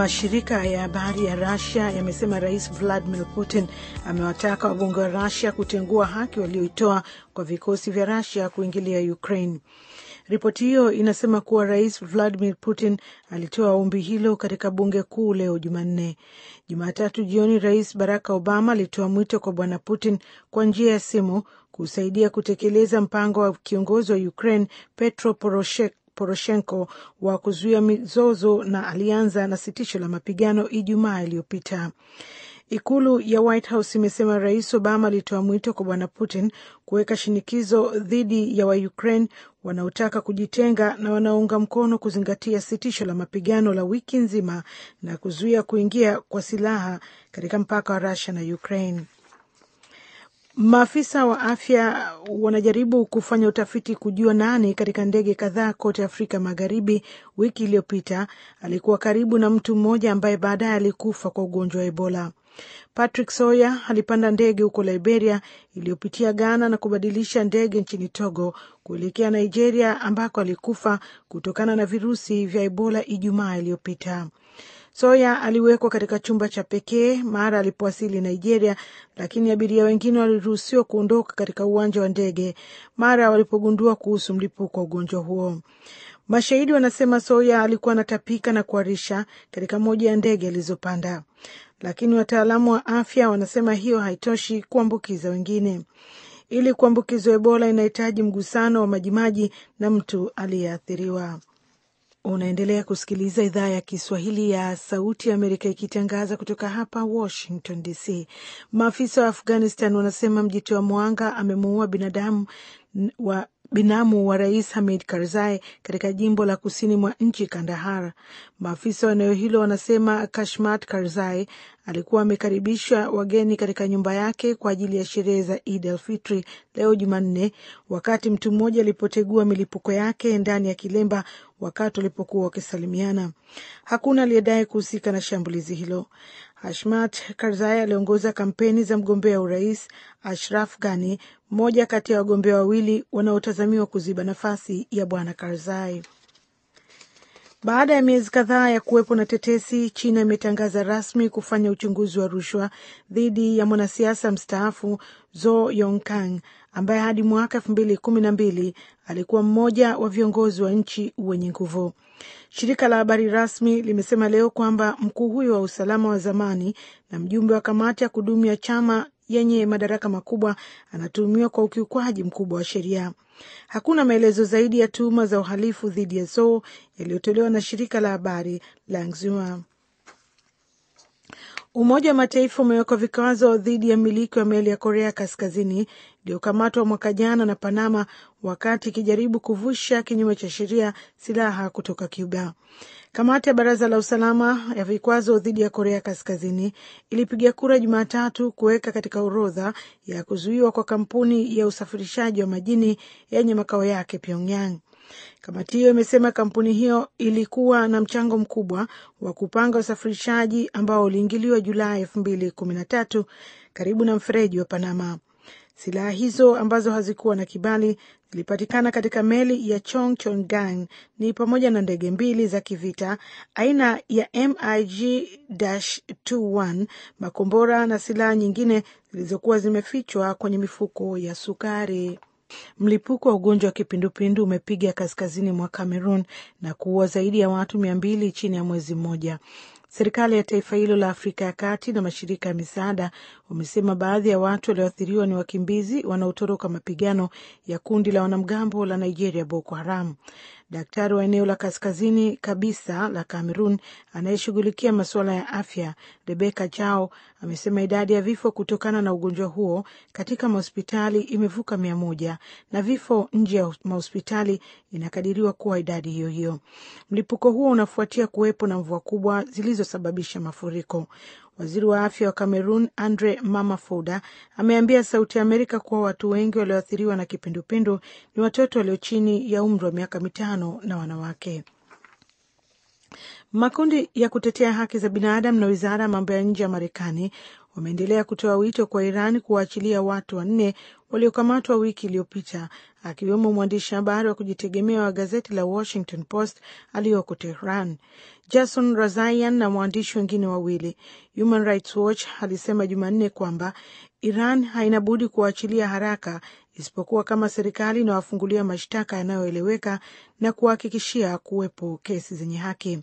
Mashirika ya habari ya rasia yamesema Rais Vladimir Putin amewataka wabunge wa rasia kutengua haki walioitoa kwa vikosi vya rasia kuingilia Ukraine. Ripoti hiyo inasema kuwa Rais Vladimir Putin alitoa ombi hilo katika bunge kuu leo Jumanne. Jumatatu jioni, Rais Barack Obama alitoa mwito kwa Bwana Putin kwa njia ya simu kusaidia kutekeleza mpango wa kiongozi wa Ukraine Petro Poroshek Poroshenko wa kuzuia mizozo na alianza na sitisho la mapigano Ijumaa iliyopita. Ikulu ya White House imesema Rais Obama alitoa mwito kwa Bwana Putin kuweka shinikizo dhidi ya Waukraine wanaotaka kujitenga na wanaounga mkono kuzingatia sitisho la mapigano la wiki nzima na kuzuia kuingia kwa silaha katika mpaka wa rasia na Ukraine. Maafisa wa afya wanajaribu kufanya utafiti kujua nani katika ndege kadhaa kote Afrika Magharibi wiki iliyopita alikuwa karibu na mtu mmoja ambaye baadaye alikufa kwa ugonjwa wa Ebola. Patrick Sawyer alipanda ndege huko Liberia iliyopitia Ghana na kubadilisha ndege nchini Togo kuelekea Nigeria ambako alikufa kutokana na virusi vya Ebola Ijumaa iliyopita. Soya aliwekwa katika chumba cha pekee mara alipowasili Nigeria, lakini abiria wengine waliruhusiwa kuondoka katika uwanja wa ndege mara walipogundua kuhusu mlipuko wa ugonjwa huo. Mashahidi wanasema Soya alikuwa anatapika na kuharisha katika moja ya ndege alizopanda, lakini wataalamu wa afya wanasema hiyo haitoshi kuambukiza wengine. Ili kuambukizwa Ebola inahitaji mgusano wa majimaji na mtu aliyeathiriwa. Unaendelea kusikiliza idhaa ya Kiswahili ya Sauti ya Amerika ikitangaza kutoka hapa Washington DC. Maafisa wa Afghanistan wanasema mjitoa mwanga amemuua binadamu wa binamu wa rais Hamid Karzai katika jimbo la kusini mwa nchi Kandahar. Maafisa wa eneo hilo wanasema Kashmat Karzai alikuwa amekaribisha wageni katika nyumba yake kwa ajili ya sherehe za Id el Fitri leo Jumanne, wakati mtu mmoja alipotegua milipuko yake ndani ya kilemba wakati walipokuwa wakisalimiana. Hakuna aliyedai kuhusika na shambulizi hilo. Hashmat Karzai aliongoza kampeni za mgombea urais Ashraf Ghani, mmoja kati ya wagombea wawili wanaotazamiwa kuziba nafasi ya bwana Karzai. Baada ya miezi kadhaa ya kuwepo na tetesi, China imetangaza rasmi kufanya uchunguzi wa rushwa dhidi ya mwanasiasa mstaafu Zo Yongkang ambaye hadi mwaka elfu mbili kumi na mbili alikuwa mmoja wa viongozi wa nchi wenye nguvu. Shirika la habari rasmi limesema leo kwamba mkuu huyo wa usalama wa zamani na mjumbe wa kamati ya kudumu ya chama yenye madaraka makubwa anatuhumiwa kwa ukiukwaji mkubwa wa sheria. Hakuna maelezo zaidi ya tuhuma za uhalifu dhidi ya zoo yaliyotolewa na shirika la habari la Xinhua. Umoja wa Mataifa umeweka vikwazo dhidi ya miliki wa meli ya Korea Kaskazini iliyokamatwa mwaka jana na Panama wakati ikijaribu kuvusha kinyume cha sheria silaha kutoka Cuba. Kamati ya Baraza la Usalama ya vikwazo dhidi ya Korea Kaskazini ilipiga kura Jumatatu kuweka katika orodha ya kuzuiwa kwa kampuni ya usafirishaji wa majini yenye makao yake Pyongyang. Kamati hiyo imesema kampuni hiyo ilikuwa na mchango mkubwa wa kupanga usafirishaji ambao uliingiliwa Julai elfu mbili kumi na tatu karibu na mfereji wa Panama. Silaha hizo ambazo hazikuwa na kibali zilipatikana katika meli ya chong gang ni pamoja na ndege mbili za kivita aina ya MiG-21, makombora na silaha nyingine zilizokuwa zimefichwa kwenye mifuko ya sukari. Mlipuko wa ugonjwa wa kipindupindu umepiga kaskazini mwa Cameroon na kuua zaidi ya watu mia mbili chini ya mwezi mmoja. Serikali ya taifa hilo la Afrika ya Kati na mashirika ya misaada wamesema baadhi ya watu walioathiriwa ni wakimbizi wanaotoroka mapigano ya kundi la wanamgambo la Nigeria, Boko Haram. Daktari wa eneo la kaskazini kabisa la Cameroon anayeshughulikia masuala ya afya, Rebecca Chao, amesema idadi ya vifo kutokana na ugonjwa huo katika mahospitali imevuka mia moja na vifo nje ya mahospitali inakadiriwa kuwa idadi hiyo hiyo. Mlipuko huo unafuatia kuwepo na mvua kubwa zilizosababisha mafuriko. Waziri wa afya wa Cameroon Andre Mamafoda ameambia Sauti ya Amerika kuwa watu wengi walioathiriwa na kipindupindu ni watoto walio chini ya umri wa miaka mitano na wanawake. Makundi ya kutetea haki za binadamu na wizara ya mambo ya nje ya Marekani wameendelea kutoa wito kwa Iran kuwaachilia watu wanne waliokamatwa wiki iliyopita akiwemo mwandishi habari wa kujitegemea wa gazeti la Washington Post aliyoko Tehran, Jason razayan na mwandishi wengine wawili. Human Rights Watch alisema Jumanne kwamba Iran haina budi kuwaachilia haraka isipokuwa kama serikali inawafungulia mashtaka yanayoeleweka na kuwahakikishia kuwepo kesi zenye haki.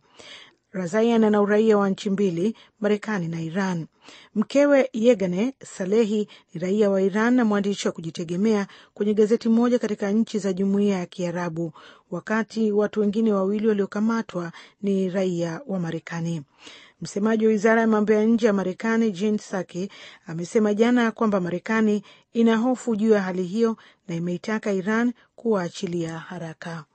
Razayan ana uraia wa nchi mbili, Marekani na Iran. Mkewe Yegane Salehi ni raia wa Iran na mwandishi wa kujitegemea kwenye gazeti moja katika nchi za Jumuiya ya Kiarabu, wakati watu wengine wawili waliokamatwa ni raia wa Marekani. Msemaji wa wizara ya mambo ya nje ya Marekani Jen Psaki amesema jana kwamba Marekani ina hofu juu ya hali hiyo na imeitaka Iran kuwaachilia haraka.